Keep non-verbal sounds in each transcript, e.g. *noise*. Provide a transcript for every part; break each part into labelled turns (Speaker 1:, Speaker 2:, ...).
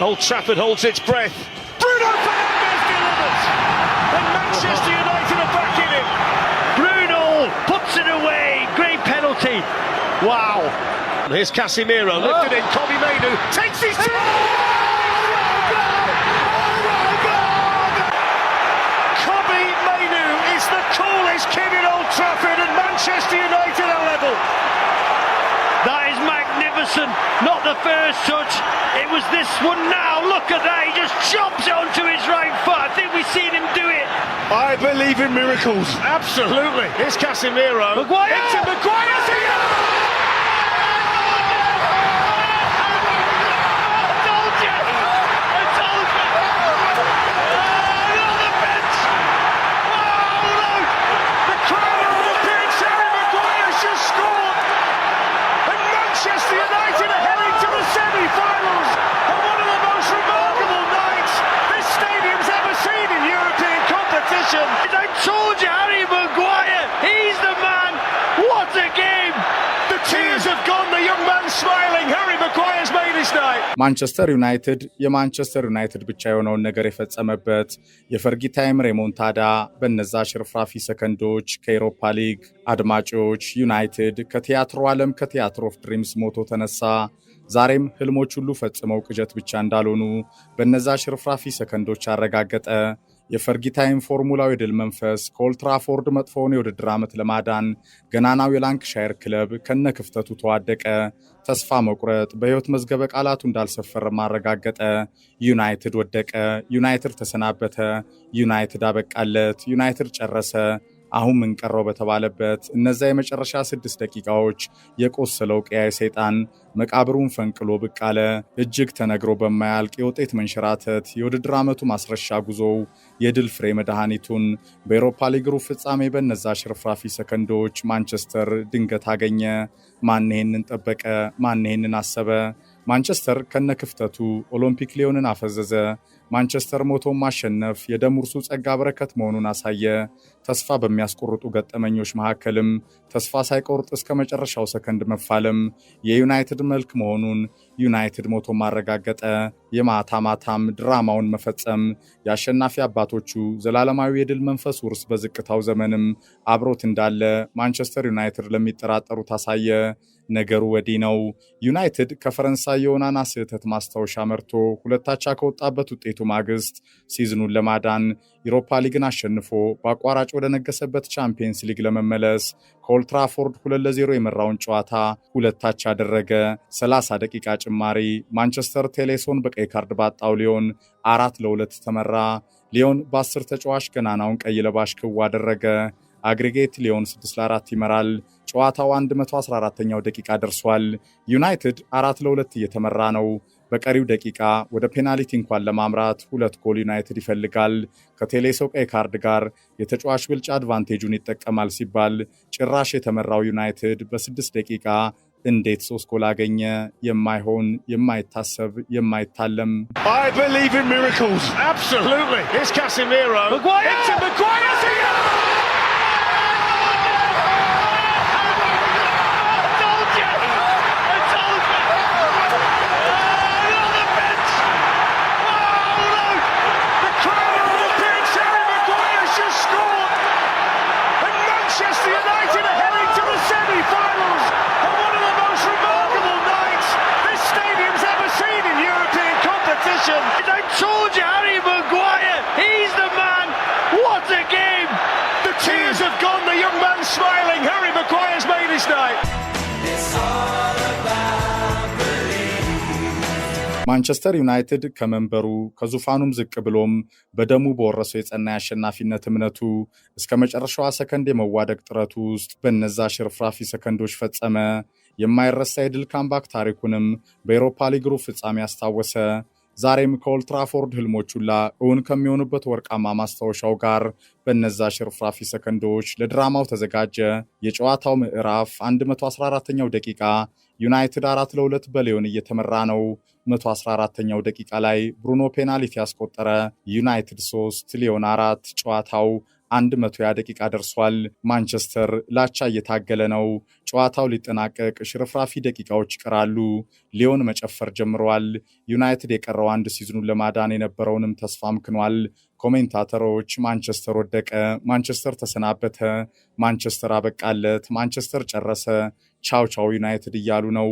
Speaker 1: Old Trafford holds its breath. Bruno Fernandes delivers! And Manchester United are back in it.
Speaker 2: Bruno puts it away. Great penalty.
Speaker 1: Wow. Here's Casemiro, oh. lifted in. Kobe Mainu takes his time. Kobe oh, oh, is the coolest kid in Old Trafford and Manchester United are level.
Speaker 2: Henderson, not the first touch. It was this one now. Look at that. He just chops it onto his right foot. I think we've seen him do it.
Speaker 3: I believe in miracles.
Speaker 2: Absolutely.
Speaker 1: It's Casemiro.
Speaker 2: Maguire. Into
Speaker 1: Maguire.
Speaker 4: ማንቸስተር ዩናይትድ የማንቸስተር ዩናይትድ ብቻ የሆነውን ነገር የፈጸመበት የፈርጊ ታይም ሬሞንታዳ በነዛ ሽርፍራፊ ሰከንዶች ከኤሮፓ ሊግ አድማጮች ዩናይትድ ከቲያትሮ ዓለም ከቲያትሮ ኦፍ ድሪምስ ሞቶ ተነሳ። ዛሬም ህልሞች ሁሉ ፈጽመው ቅዠት ብቻ እንዳልሆኑ በነዛ ሽርፍራፊ ሰከንዶች አረጋገጠ። ታይም ፎርሙላው የድል መንፈስ ከኦልትራፎርድ መጥፎውን የውድድር ዓመት ለማዳን ገናናው የላንክሻየር ክለብ ከነ ክፍተቱ ተዋደቀ። ተስፋ መቁረጥ በሕይወት መዝገበ ቃላቱ እንዳልሰፈረ ማረጋገጠ። ዩናይትድ ወደቀ። ዩናይትድ ተሰናበተ። ዩናይትድ አበቃለት። ዩናይትድ ጨረሰ። አሁን ምን ቀረው በተባለበት እነዛ የመጨረሻ ስድስት ደቂቃዎች የቆሰለው ቀያይ ሰይጣን መቃብሩን ፈንቅሎ ብቅ አለ። እጅግ ተነግሮ በማያልቅ የውጤት መንሸራተት የውድድር ዓመቱ ማስረሻ ጉዞው የድል ፍሬ መድኃኒቱን በኤሮፓ ሊግ ፍጻሜ በነዛ ሽርፍራፊ ሰከንዶች ማንቸስተር ድንገት አገኘ። ማን ይሄንን ጠበቀ? ማን ይሄንን አሰበ? ማንቸስተር ከነ ክፍተቱ ኦሎምፒክ ሊዮንን አፈዘዘ። ማንቸስተር ሞቶ ማሸነፍ የደም ውርሱ ጸጋ በረከት መሆኑን አሳየ። ተስፋ በሚያስቆርጡ ገጠመኞች መካከልም ተስፋ ሳይቆርጥ እስከ መጨረሻው ሰከንድ መፋለም የዩናይትድ መልክ መሆኑን ዩናይትድ ሞቶ ማረጋገጠ። የማታ ማታም ድራማውን መፈጸም የአሸናፊ አባቶቹ ዘላለማዊ የድል መንፈስ ውርስ በዝቅታው ዘመንም አብሮት እንዳለ ማንቸስተር ዩናይትድ ለሚጠራጠሩት አሳየ። ነገሩ ወዲህ ነው። ዩናይትድ ከፈረንሳይ የኦናና ስህተት ማስታወሻ መርቶ ሁለታቻ ከወጣበት ውጤት። በመለያየቱ ማግስት ሲዝኑን ለማዳን ዩሮፓ ሊግን አሸንፎ በአቋራጭ ወደ ነገሰበት ቻምፒየንስ ሊግ ለመመለስ ከኦልትራፎርድ ሁለት ለዜሮ የመራውን ጨዋታ ሁለታች ያደረገ 30 ደቂቃ ጭማሪ ማንቸስተር ቴሌሶን በቀይ ካርድ ባጣው ሊዮን አራት ለሁለት ተመራ። ሊዮን በ በ10 ተጫዋች ገናናውን ቀይ ለባሽ ክው አደረገ። አግሪጌት ሊዮን 6 ለ4 ይመራል። ጨዋታው 114ኛው ደቂቃ ደርሷል። ዩናይትድ አራት ለሁለት እየተመራ ነው። በቀሪው ደቂቃ ወደ ፔናልቲ እንኳን ለማምራት ሁለት ጎል ዩናይትድ ይፈልጋል። ከቴሌሶ ቀይ ካርድ ጋር የተጫዋች ብልጫ አድቫንቴጁን ይጠቀማል ሲባል ጭራሽ የተመራው ዩናይትድ በስድስት ደቂቃ እንዴት ሶስት ጎል አገኘ? የማይሆን የማይታሰብ የማይታለም
Speaker 1: young man smiling. Harry Maguire's made his night.
Speaker 4: ማንቸስተር ዩናይትድ ከመንበሩ ከዙፋኑም ዝቅ ብሎም በደሙ በወረሰው የጸና የአሸናፊነት እምነቱ እስከ መጨረሻዋ ሰከንድ የመዋደቅ ጥረቱ ውስጥ በነዛ ሽርፍራፊ ሰከንዶች ፈጸመ። የማይረሳ የድል ካምባክ ታሪኩንም በኤሮፓ ሊግ ሩብ ፍጻሜ አስታወሰ። ዛሬም ከኦልትራፎርድ ህልሞች ሁላ እውን ከሚሆኑበት ወርቃማ ማስታወሻው ጋር በነዛ ሽርፍራፊ ሰከንዶች ለድራማው ተዘጋጀ። የጨዋታው ምዕራፍ 114ኛው ደቂቃ ዩናይትድ አራት ለሁለት በሊዮን እየተመራ ነው። 114ኛው ደቂቃ ላይ ብሩኖ ፔናልቲ ያስቆጠረ። ዩናይትድ 3 ሊዮን አራት ጨዋታው አንድ መቶያ ደቂቃ ደርሷል። ማንቸስተር ላቻ እየታገለ ነው። ጨዋታው ሊጠናቀቅ ሽርፍራፊ ደቂቃዎች ይቀራሉ። ሊዮን መጨፈር ጀምረዋል። ዩናይትድ የቀረው አንድ ሲዝኑን ለማዳን የነበረውንም ተስፋ አምክኗል። ኮሜንታተሮች ማንቸስተር ወደቀ፣ ማንቸስተር ተሰናበተ፣ ማንቸስተር አበቃለት፣ ማንቸስተር ጨረሰ፣ ቻው ቻው ዩናይትድ እያሉ ነው።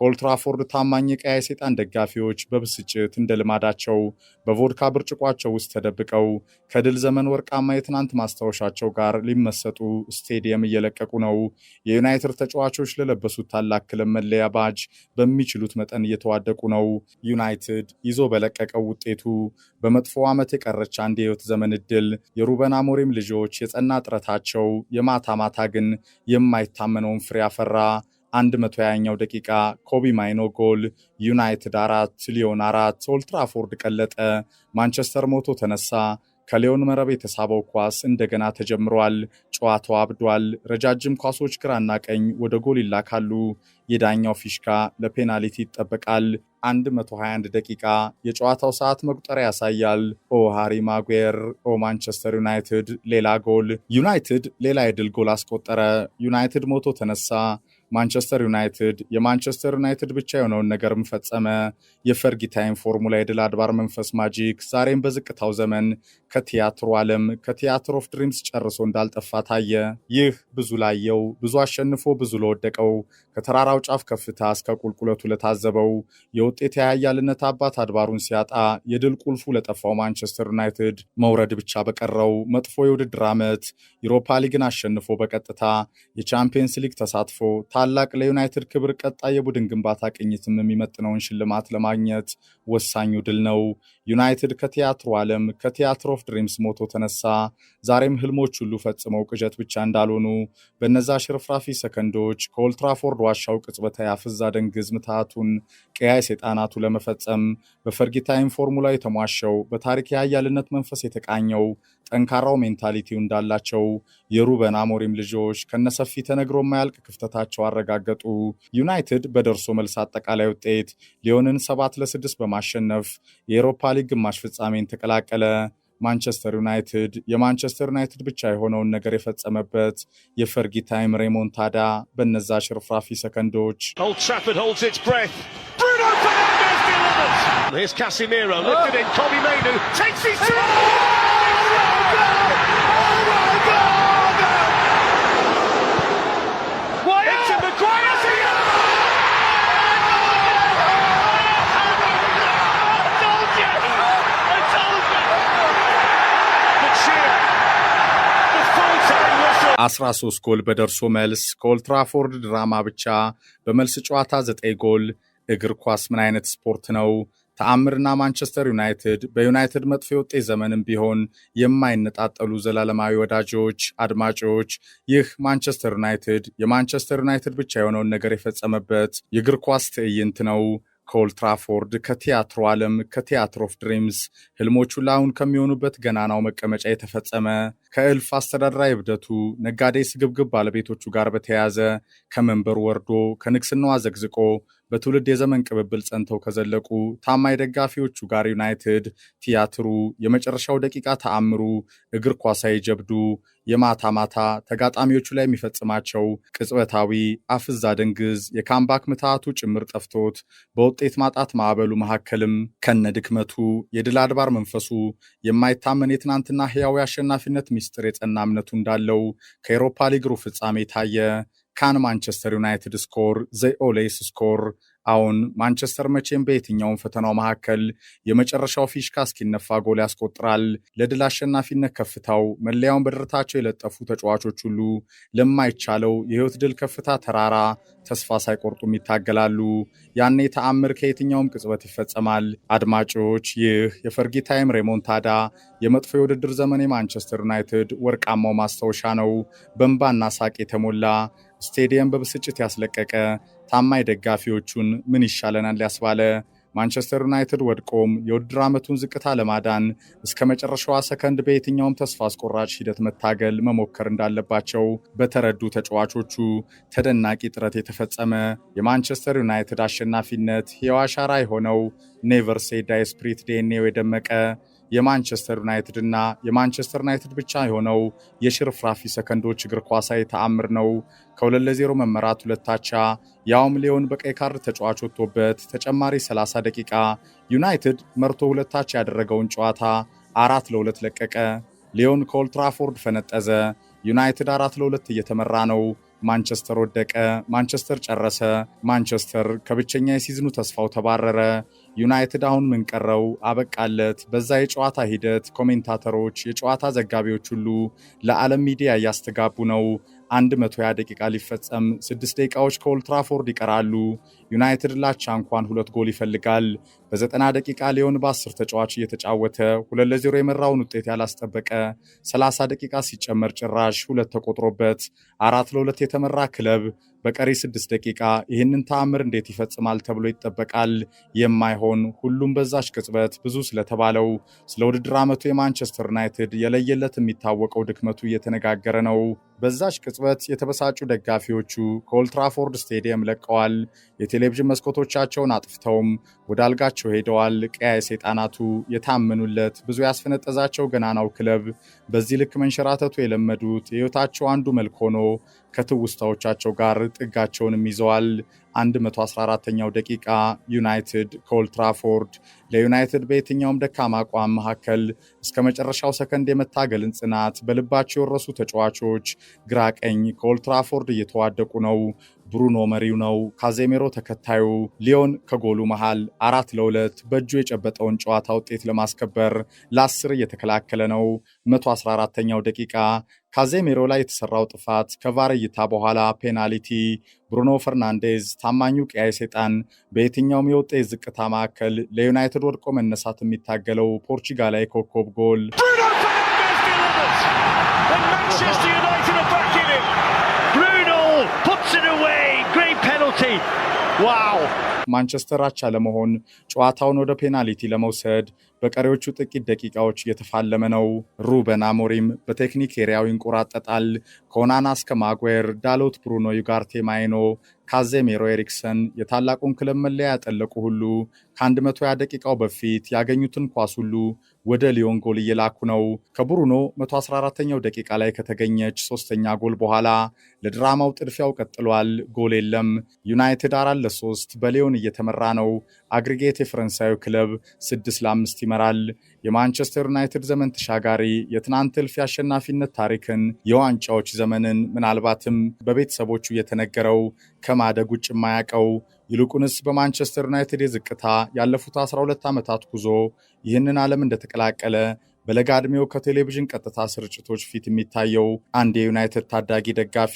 Speaker 4: ከኦልትራፎርድ ታማኝ የቀያ ሰይጣን ደጋፊዎች በብስጭት እንደ ልማዳቸው በቮድካ ብርጭቋቸው ውስጥ ተደብቀው ከድል ዘመን ወርቃማ የትናንት ማስታወሻቸው ጋር ሊመሰጡ ስቴዲየም እየለቀቁ ነው። የዩናይትድ ተጫዋቾች ለለበሱት ታላቅ ክለብ መለያ ባጅ በሚችሉት መጠን እየተዋደቁ ነው። ዩናይትድ ይዞ በለቀቀው ውጤቱ በመጥፎ ዓመት የቀረች አንድ የህይወት ዘመን እድል የሩበን አሞሪም ልጆች የጸና ጥረታቸው የማታ ማታ ግን የማይታመነውን ፍሬ አፈራ። 120ኛው ደቂቃ ኮቢ ማይኖ ጎል። ዩናይትድ አራት ሊዮን አራት ኦልትራፎርድ ቀለጠ። ማንቸስተር ሞቶ ተነሳ። ከሊዮን መረብ የተሳበው ኳስ እንደገና ተጀምሯል። ጨዋታው አብዷል። ረጃጅም ኳሶች ግራና ቀኝ ወደ ጎል ይላካሉ። የዳኛው ፊሽካ ለፔናልቲ ይጠበቃል። 121 ደቂቃ የጨዋታው ሰዓት መቁጠሪያ ያሳያል። ኦ ሃሪ ማጉየር ኦ ማንቸስተር ዩናይትድ! ሌላ ጎል! ዩናይትድ ሌላ የድል ጎል አስቆጠረ። ዩናይትድ ሞቶ ተነሳ። ማንቸስተር ዩናይትድ የማንቸስተር ዩናይትድ ብቻ የሆነውን ነገርም ፈጸመ። የፈርጊ ታይም ፎርሙላ የድል አድባር መንፈስ ማጂክ ዛሬም በዝቅታው ዘመን ከቲያትሮ ዓለም ከቲያትር ኦፍ ድሪምስ ጨርሶ እንዳልጠፋ ታየ። ይህ ብዙ ላየው ብዙ አሸንፎ ብዙ ለወደቀው ከተራራው ጫፍ ከፍታ እስከ ቁልቁለቱ ለታዘበው የውጤት የኃያልነት አባት አድባሩን ሲያጣ የድል ቁልፉ ለጠፋው ማንቸስተር ዩናይትድ መውረድ ብቻ በቀረው መጥፎ የውድድር ዓመት ዩሮፓ ሊግን አሸንፎ በቀጥታ የቻምፒየንስ ሊግ ተሳትፎ ታላቅ ለዩናይትድ ክብር ቀጣይ የቡድን ግንባታ ቅኝትም የሚመጥነውን ሽልማት ለማግኘት ወሳኙ ድል ነው። ዩናይትድ ከቲያትሩ ዓለም ከቲያትር ኦፍ ድሪምስ ሞቶ ተነሳ። ዛሬም ህልሞች ሁሉ ፈጽመው ቅዠት ብቻ እንዳልሆኑ በነዛ ሽርፍራፊ ሰከንዶች ከኦልትራፎርድ ዋሻው ቅጽበተ ያፍዝ አደንግዝ ምትሃቱን ቀያይ ሰይጣናቱ ለመፈጸም በፈርጊታይም ፎርሙላ የተሟሸው በታሪክ የሀያልነት መንፈስ የተቃኘው ጠንካራው ሜንታሊቲው እንዳላቸው የሩበን አሞሪም ልጆች ከነሰፊ ተነግሮ የማያልቅ ክፍተታቸው አረጋገጡ። ዩናይትድ በደርሶ መልስ አጠቃላይ ውጤት ሊዮንን ሰባት ለስድስት በማሸነፍ የአውሮፓ ሊግ ግማሽ ፍጻሜን ተቀላቀለ። ማንቸስተር ዩናይትድ የማንቸስተር ዩናይትድ ብቻ የሆነውን ነገር የፈጸመበት የፈርጊ ታይም ሬሞንታዳ በነዛ ሽርፍራፊ ሰከንዶች 13 ጎል በደርሶ መልስ ከኦልትራፎርድ ድራማ ብቻ በመልስ ጨዋታ 9 ጎል። እግር ኳስ ምን አይነት ስፖርት ነው? ተአምርና ማንቸስተር ዩናይትድ በዩናይትድ መጥፎ የውጤት ዘመንም ቢሆን የማይነጣጠሉ ዘላለማዊ ወዳጆች። አድማጮች፣ ይህ ማንቸስተር ዩናይትድ የማንቸስተር ዩናይትድ ብቻ የሆነውን ነገር የፈጸመበት የእግር ኳስ ትዕይንት ነው። ከኦልትራፎርድ ከቲያትሮ ዓለም ከቲያትሮ ኦፍ ድሪምስ ህልሞቹ ላሁን ከሚሆኑበት ገናናው መቀመጫ የተፈጸመ ከእልፍ አስተዳደራዊ እብደቱ፣ ነጋዴ ስግብግብ ባለቤቶቹ ጋር በተያያዘ ከመንበር ወርዶ ከንግስናው አዘግዝቆ በትውልድ የዘመን ቅብብል ጸንተው ከዘለቁ ታማኝ ደጋፊዎቹ ጋር ዩናይትድ፣ ቲያትሩ፣ የመጨረሻው ደቂቃ ተአምሩ፣ እግር ኳሳዊ ጀብዱ፣ የማታ ማታ ተጋጣሚዎቹ ላይ የሚፈጽማቸው ቅጽበታዊ አፍዛ ደንግዝ የካምባክ ምትሃቱ ጭምር ጠፍቶት በውጤት ማጣት ማዕበሉ መካከልም ከነ ድክመቱ የድል አድባር መንፈሱ የማይታመን የትናንትና ህያዊ አሸናፊነት ሚስጥር የጸና እምነቱ እንዳለው ከኤሮፓ ሊግሩ ፍጻሜ ታየ። ካን ማንቸስተር ዩናይትድ ስኮር ዘ ኦሌስ ስኮር አሁን ማንቸስተር መቼም በየትኛውም ፈተናው መካከል የመጨረሻው ፊሽካ እስኪነፋ ጎል ያስቆጥራል። ለድል አሸናፊነት ከፍታው መለያውን በደረታቸው የለጠፉ ተጫዋቾች ሁሉ ለማይቻለው የህይወት ድል ከፍታ ተራራ ተስፋ ሳይቆርጡም ይታገላሉ። ያኔ ተአምር ከየትኛውም ቅጽበት ይፈጸማል። አድማጮች፣ ይህ የፈርጊ ታይም ሬሞንታዳ የመጥፎ የውድድር ዘመን የማንቸስተር ዩናይትድ ወርቃማው ማስታወሻ ነው። በእንባና ሳቅ የተሞላ ስቴዲየም በብስጭት ያስለቀቀ ታማኝ ደጋፊዎቹን ምን ይሻለናል ያስባለ ማንቸስተር ዩናይትድ ወድቆም የውድድር ዓመቱን ዝቅታ ለማዳን እስከ መጨረሻዋ ሰከንድ በየትኛውም ተስፋ አስቆራጭ ሂደት መታገል መሞከር እንዳለባቸው በተረዱ ተጫዋቾቹ ተደናቂ ጥረት የተፈጸመ የማንቸስተር ዩናይትድ አሸናፊነት ሕያው አሻራ የሆነው ኔቨር ሴ ስፕሪት የደመቀ የማንቸስተር ዩናይትድ እና የማንቸስተር ዩናይትድ ብቻ የሆነው የሽርፍራፊ ሰከንዶች እግር ኳሳዊ ተአምር ነው። ከሁለት ለዜሮ መመራት ሁለታቻ ያውም ሊዮን በቀይ ካርድ ተጫዋች ወጥቶበት ተጨማሪ 30 ደቂቃ ዩናይትድ መርቶ ሁለታቻ ያደረገውን ጨዋታ አራት ለሁለት ለቀቀ። ሊዮን ከኦልትራፎርድ ፈነጠዘ። ዩናይትድ አራት ለሁለት እየተመራ ነው። ማንቸስተር ወደቀ። ማንቸስተር ጨረሰ። ማንቸስተር ከብቸኛ የሲዝኑ ተስፋው ተባረረ። ዩናይትድ አሁን ምን ቀረው? አበቃለት። በዛ የጨዋታ ሂደት ኮሜንታተሮች፣ የጨዋታ ዘጋቢዎች ሁሉ ለዓለም ሚዲያ እያስተጋቡ ነው። 120 ደቂቃ ሊፈጸም 6 ደቂቃዎች ከኦልትራፎርድ ይቀራሉ። ዩናይትድ ላቻ እንኳን ሁለት ጎል ይፈልጋል። በ90 ደቂቃ ሊዮን በ10 ተጫዋች እየተጫወተ ሁለት ለዜሮ የመራውን ውጤት ያላስጠበቀ 30 ደቂቃ ሲጨመር ጭራሽ ሁለት ተቆጥሮበት አራት ለሁለት የተመራ ክለብ በቀሪ ስድስት ደቂቃ ይህንን ተአምር እንዴት ይፈጽማል ተብሎ ይጠበቃል። የማይሆን ሁሉም በዛች ቅጽበት ብዙ ስለተባለው ስለ ውድድር ዓመቱ የማንቸስተር ዩናይትድ የለየለት የሚታወቀው ድክመቱ እየተነጋገረ ነው። በዛች ቅጽበት የተበሳጩ ደጋፊዎቹ ከኦልትራፎርድ ስቴዲየም ለቀዋል። የቴሌቪዥን መስኮቶቻቸውን አጥፍተውም ወደ አልጋቸው ሄደዋል። ቀያይ ሰይጣናቱ የታመኑለት ብዙ ያስፈነጠዛቸው ገናናው ክለብ በዚህ ልክ መንሸራተቱ የለመዱት የሕይወታቸው አንዱ መልክ ሆኖ ከትውስታዎቻቸው ጋር ጥጋቸውንም ይዘዋል። 114ኛው ደቂቃ ዩናይትድ ከኦልትራፎርድ ለዩናይትድ በየትኛውም ደካማ አቋም መካከል እስከ መጨረሻው ሰከንድ የመታገልን ጽናት በልባቸው የወረሱ ተጫዋቾች ግራ ቀኝ ከኦልትራፎርድ እየተዋደቁ ነው። ብሩኖ መሪው ነው፣ ካዜሜሮ ተከታዩ፣ ሊዮን ከጎሉ መሃል አራት ለሁለት በእጁ የጨበጠውን ጨዋታ ውጤት ለማስከበር ለአስር እየተከላከለ ነው። 114ኛው ደቂቃ ካዜሜሮ ላይ የተሰራው ጥፋት ከቫር እይታ በኋላ ፔናልቲ። ብሩኖ ፈርናንዴዝ ታማኙ ቀያይ ሰይጣን በየትኛውም የውጤት ዝቅታ ማዕከል ለዩናይትድ ወድቆ መነሳት የሚታገለው ፖርቹጋላዊ ኮከብ ጎል ዋው! ማንቸስተር አቻ ለመሆን ጨዋታውን ወደ ፔናልቲ ለመውሰድ በቀሪዎቹ ጥቂት ደቂቃዎች እየተፋለመ ነው። ሩበን አሞሪም በቴክኒክ ኤሪያው ይንቆራጠጣል። ከኦናና እስከ ማጉዌር፣ ዳሎት፣ ብሩኖ ዩጋርቴ፣ ማይኖ፣ ካዜሜሮ፣ ኤሪክሰን የታላቁን ክለብ መለያ ያጠለቁ ሁሉ ከ120 ደቂቃው በፊት ያገኙትን ኳስ ሁሉ ወደ ሊዮን ጎል እየላኩ ነው። ከቡሩኖ 114ኛው ደቂቃ ላይ ከተገኘች ሶስተኛ ጎል በኋላ ለድራማው ጥድፊያው ቀጥሏል። ጎል የለም። ዩናይትድ አራት ለሶስት በሊዮን እየተመራ ነው። አግሪጌት የፈረንሳዩ ክለብ 6 ለ5 ይመራል። የማንቸስተር ዩናይትድ ዘመን ተሻጋሪ የትናንት እልፍ የአሸናፊነት ታሪክን የዋንጫዎች ዘመንን ምናልባትም በቤተሰቦቹ የተነገረው ከማደግ ውጭ የማያውቀው ይልቁንስ በማንቸስተር ዩናይትድ የዝቅታ ያለፉት 12 ዓመታት ጉዞ ይህንን ዓለም እንደተቀላቀለ በለጋ ዕድሜው ከቴሌቪዥን ቀጥታ ስርጭቶች ፊት የሚታየው አንድ የዩናይትድ ታዳጊ ደጋፊ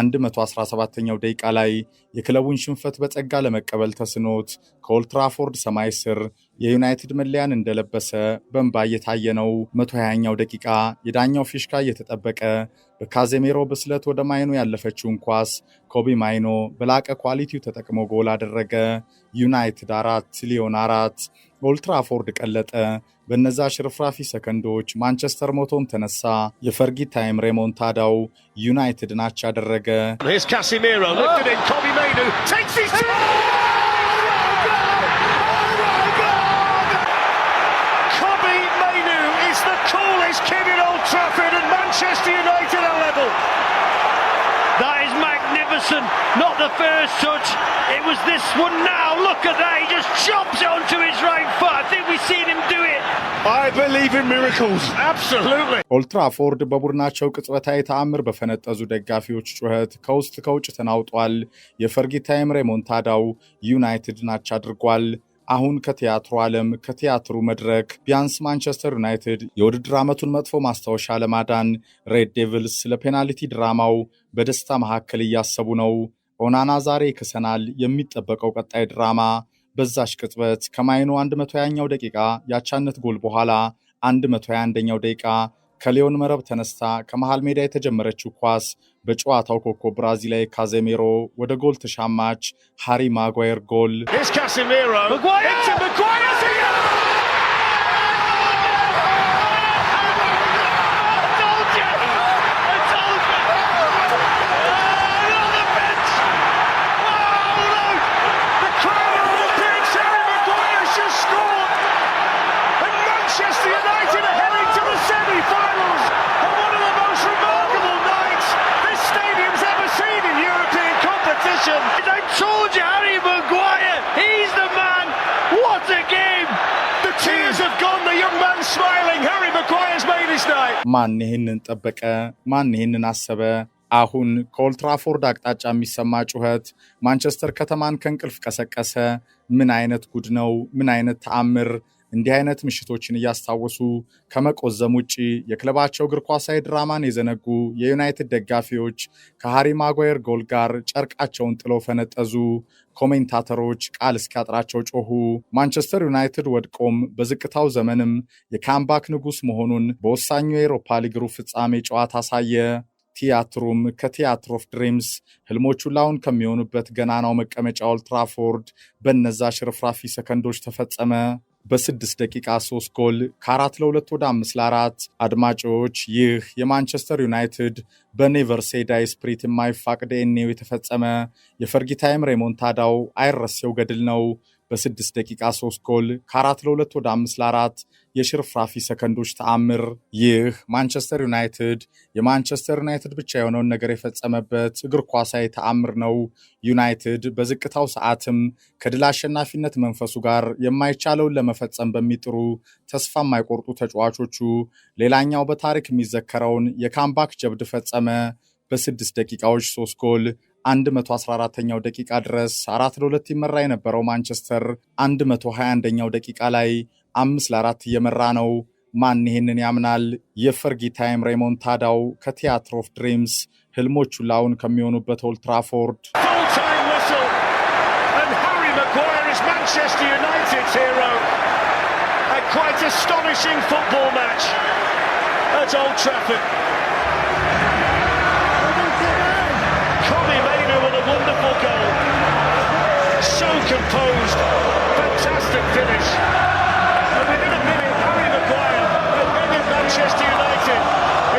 Speaker 4: 117ኛው ደቂቃ ላይ የክለቡን ሽንፈት በጸጋ ለመቀበል ተስኖት ከኦልትራፎርድ ሰማይ ስር የዩናይትድ መለያን እንደለበሰ በእንባ እየታየ ነው። 120ኛው ደቂቃ የዳኛው ፊሽካ እየተጠበቀ በካዜሜሮ ብስለት ወደ ማይኖ ያለፈችውን ኳስ ኮቢ ማይኖ በላቀ ኳሊቲው ተጠቅሞ ጎል አደረገ። ዩናይትድ አራት ሊዮን አራት ኦልትራፎርድ ቀለጠ። በነዛ ሽርፍራፊ ሰከንዶች ማንቸስተር ሞቶም ተነሳ። የፈርጊ ታይም ታዳው ዩናይትድ ናች አደረገ። oh,
Speaker 1: oh, Manchester United are level.
Speaker 2: Wilson, not the first touch. It was this one now. Look at that. He just chops it onto his right foot. I think we've seen him do it.
Speaker 3: I believe in miracles.
Speaker 2: Absolutely.
Speaker 4: ኦልድ ትራፎርድ በቡድናቸው ቅጽበታዊ ተአምር በፈነጠዙ ደጋፊዎች ጩኸት ከውስጥ ከውጭ ተናውጧል። የፈርጊ ታይም ሬሞንታዳው ዩናይትድን አቻ አድርጓል። አሁን ከቲያትሩ ዓለም ከቲያትሩ መድረክ ቢያንስ ማንቸስተር ዩናይትድ የውድድር ዓመቱን መጥፎ ማስታወሻ ለማዳን ሬድ ዴቪልስ ለፔናልቲ ድራማው በደስታ መካከል እያሰቡ ነው። ኦናና ዛሬ ይክሰናል። የሚጠበቀው ቀጣይ ድራማ በዛሽ ቅጽበት ከማይኑ 120ኛው ደቂቃ ያቻነት ጎል በኋላ 121ኛው ደቂቃ ከሊዮን መረብ ተነስታ ከመሃል ሜዳ የተጀመረችው ኳስ በጨዋታው ኮከብ ብራዚላዊ ካዜሜሮ ወደ ጎል ተሻማች ሃሪ ማጓየር ጎል ማን ይህንን ጠበቀ? ማን ይህንን አሰበ? አሁን ከኦልትራፎርድ አቅጣጫ የሚሰማ ጩኸት ማንቸስተር ከተማን ከእንቅልፍ ቀሰቀሰ። ምን አይነት ጉድ ነው? ምን አይነት ተአምር! እንዲህ አይነት ምሽቶችን እያስታወሱ ከመቆዘም ውጭ የክለባቸው እግር ኳሳዊ ድራማን የዘነጉ የዩናይትድ ደጋፊዎች ከሃሪ ማጓየር ጎል ጋር ጨርቃቸውን ጥለው ፈነጠዙ። ኮሜንታተሮች ቃል እስኪያጥራቸው ጮሁ። ማንቸስተር ዩናይትድ ወድቆም በዝቅታው ዘመንም የካምባክ ንጉሥ መሆኑን በወሳኙ ሊግ ሊግሩ ፍጻሜ ጨዋታ አሳየ። ቲያትሩም ከቲያትር ኦፍ ድሪምስ ህልሞቹ ላሁን ከሚሆኑበት ገናናው መቀመጫ ኦልትራፎርድ በነዛ ሽርፍራፊ ሰከንዶች ተፈጸመ። በስድስት ደቂቃ ሶስት ጎል ከአራት ለሁለት ወደ አምስት ለአራት አድማጮች፣ ይህ የማንቸስተር ዩናይትድ በኔቨር ሴይ ስፕሪት የማይፋቅደ ኔው የተፈጸመ የፈርጊታይም ታይም ሬሞንታዳው አይረሴው ገድል ነው። በስድስት ደቂቃ ሶስት ጎል ከአራት ለሁለት ወደ አምስት ለአራት የሽርፍራፊ ሰከንዶች ተአምር። ይህ ማንቸስተር ዩናይትድ የማንቸስተር ዩናይትድ ብቻ የሆነውን ነገር የፈጸመበት እግር ኳሳዊ ተአምር ነው። ዩናይትድ በዝቅታው ሰዓትም ከድል አሸናፊነት መንፈሱ ጋር የማይቻለውን ለመፈጸም በሚጥሩ ተስፋ የማይቆርጡ ተጫዋቾቹ ሌላኛው በታሪክ የሚዘከረውን የካምባክ ጀብድ ፈጸመ። በስድስት ደቂቃዎች ሶስት ጎል 114ኛው ደቂቃ ድረስ 4 ለ ይመራ የነበረው ማንቸስተር 121ኛው ደቂቃ ላይ አምስት ለአራት እየመራ ነው። ማን ይህንን ያምናል? የፈርጊ ታይም ሬሞንታዳው ከቲያትር ኦፍ ድሪምስ ህልሞቹ ላውን ከሚሆኑበት ኦልትራፎርድ
Speaker 1: composed, fantastic finish. Manchester United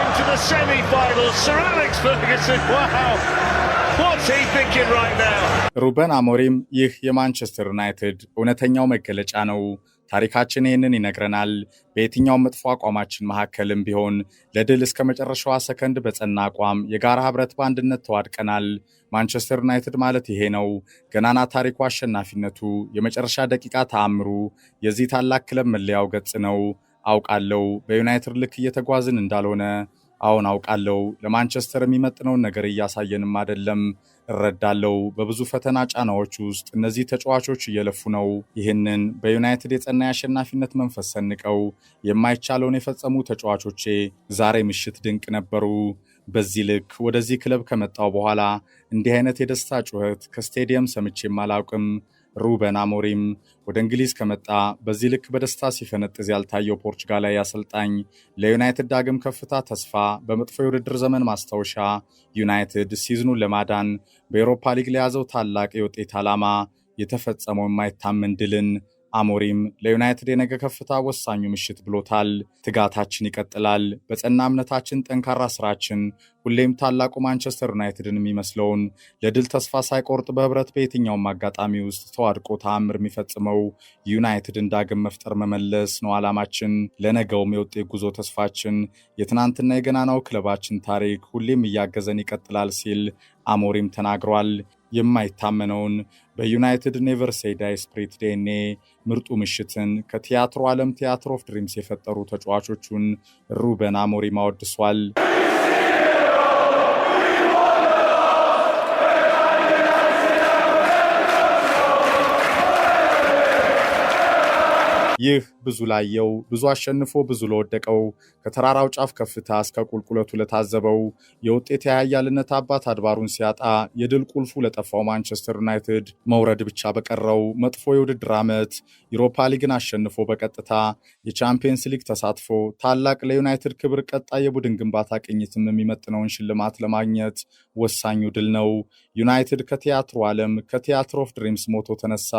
Speaker 1: into the semi-finals. Sir Alex Ferguson, *laughs* wow!
Speaker 4: ሩበን አሞሪም ይህ የማንቸስተር ዩናይትድ እውነተኛው መገለጫ ነው። ታሪካችን ይህንን ይነግረናል። በየትኛውም መጥፎ አቋማችን መካከልም ቢሆን ለድል እስከ መጨረሻዋ ሰከንድ በጸና አቋም የጋራ ህብረት በአንድነት ተዋድቀናል። ማንቸስተር ዩናይትድ ማለት ይሄ ነው። ገናና ታሪኩ፣ አሸናፊነቱ፣ የመጨረሻ ደቂቃ ተአምሩ የዚህ ታላቅ ክለብ መለያው ገጽ ነው። አውቃለው በዩናይትድ ልክ እየተጓዝን እንዳልሆነ አሁን አውቃለው። ለማንቸስተር የሚመጥነውን ነገር እያሳየንም አይደለም። እረዳለው። በብዙ ፈተና ጫናዎች ውስጥ እነዚህ ተጫዋቾች እየለፉ ነው። ይህንን በዩናይትድ የጸና የአሸናፊነት መንፈስ ሰንቀው የማይቻለውን የፈጸሙ ተጫዋቾቼ ዛሬ ምሽት ድንቅ ነበሩ። በዚህ ልክ ወደዚህ ክለብ ከመጣው በኋላ እንዲህ አይነት የደስታ ጩኸት ከስቴዲየም ሰምቼም አላውቅም። ሩበን አሞሪም ወደ እንግሊዝ ከመጣ በዚህ ልክ በደስታ ሲፈነጥዝ ያልታየው ፖርቹጋላዊ አሰልጣኝ ለዩናይትድ ዳግም ከፍታ ተስፋ በመጥፎ የውድድር ዘመን ማስታወሻ ዩናይትድ ሲዝኑን ለማዳን በኤሮፓ ሊግ ለያዘው ታላቅ የውጤት ዓላማ የተፈጸመው የማይታመን ድልን አሞሪም ለዩናይትድ የነገ ከፍታ ወሳኙ ምሽት ብሎታል። ትጋታችን ይቀጥላል። በጸና እምነታችን፣ ጠንካራ ስራችን ሁሌም ታላቁ ማንቸስተር ዩናይትድን የሚመስለውን ለድል ተስፋ ሳይቆርጥ በህብረት በየትኛውም አጋጣሚ ውስጥ ተዋድቆ ተአምር የሚፈጽመው ዩናይትድን ዳግም መፍጠር መመለስ ነው ዓላማችን። ለነገውም የውጤት ጉዞ ተስፋችን፣ የትናንትና የገናናው ክለባችን ታሪክ ሁሌም እያገዘን ይቀጥላል ሲል አሞሪም ተናግሯል። የማይታመነውን በዩናይትድ ኔቨር ሴዳይ ስፕሪት ዴኔ ምርጡ ምሽትን ከቲያትሮ ዓለም ቲያትር ኦፍ ድሪምስ የፈጠሩ ተጫዋቾቹን ሩበን አሞሪም አወድሷል። ይህ ብዙ ላየው ብዙ አሸንፎ ብዙ ለወደቀው ከተራራው ጫፍ ከፍታ እስከ ቁልቁለቱ ለታዘበው የውጤት የኃያልነት አባት አድባሩን ሲያጣ የድል ቁልፉ ለጠፋው ማንቸስተር ዩናይትድ መውረድ ብቻ በቀረው መጥፎ የውድድር ዓመት ዩሮፓ ሊግን አሸንፎ በቀጥታ የቻምፒየንስ ሊግ ተሳትፎ ታላቅ ለዩናይትድ ክብር ቀጣይ የቡድን ግንባታ ቅኝትም የሚመጥነውን ሽልማት ለማግኘት ወሳኙ ድል ነው። ዩናይትድ ከቲያትሩ ዓለም ከቲያትር ኦፍ ድሪምስ ሞቶ ተነሳ።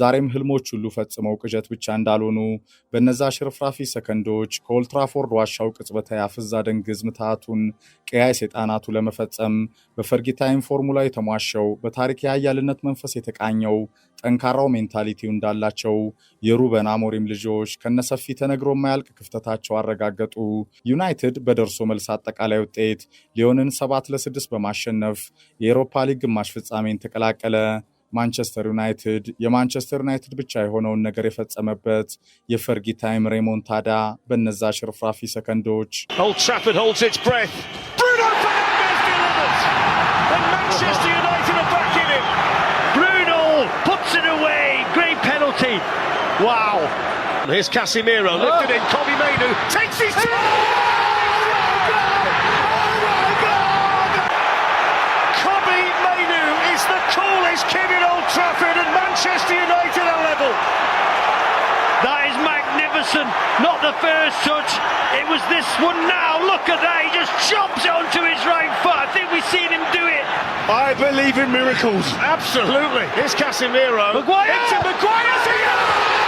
Speaker 4: ዛሬም ህልሞች ሁሉ ፈጽመው ቅዠት ብቻ እንዳ እንዳልሆኑ በነዛ ሽርፍራፊ ሰከንዶች ከኦልትራፎርድ ዋሻው ቅጽበታ አፍዝ ደንግዝ ምትሃቱን ቀያይ ሰይጣናቱ ለመፈጸም በፈርጊታይም ፎርሙላ የተሟሸው በታሪክ የአያልነት መንፈስ የተቃኘው ጠንካራው ሜንታሊቲው እንዳላቸው የሩበን አሞሪም ልጆች ከነሰፊ ተነግሮ የማያልቅ ክፍተታቸው አረጋገጡ። ዩናይትድ በደርሶ መልስ አጠቃላይ ውጤት ሊዮንን ሰባት ለስድስት በማሸነፍ የአውሮፓ ሊግ ግማሽ ፍጻሜን ተቀላቀለ። ማንቸስተር ዩናይትድ የማንቸስተር ዩናይትድ ብቻ የሆነውን ነገር የፈጸመበት የፈርጊ ታይም ሬሞንታዳ በነዛ ሽርፍራፊ ሰከንዶች
Speaker 2: Wow!
Speaker 1: Here's Casemiro lifted in. Kobe Mainu takes his. Trafford and Manchester United are level.
Speaker 2: That is magnificent. Not the first touch. It was this one now. Look at that. He just chops it onto his right foot. I think we've seen him do it.
Speaker 3: I believe in miracles.
Speaker 2: Absolutely.
Speaker 1: It's Casemiro. Maguire. Into Maguire.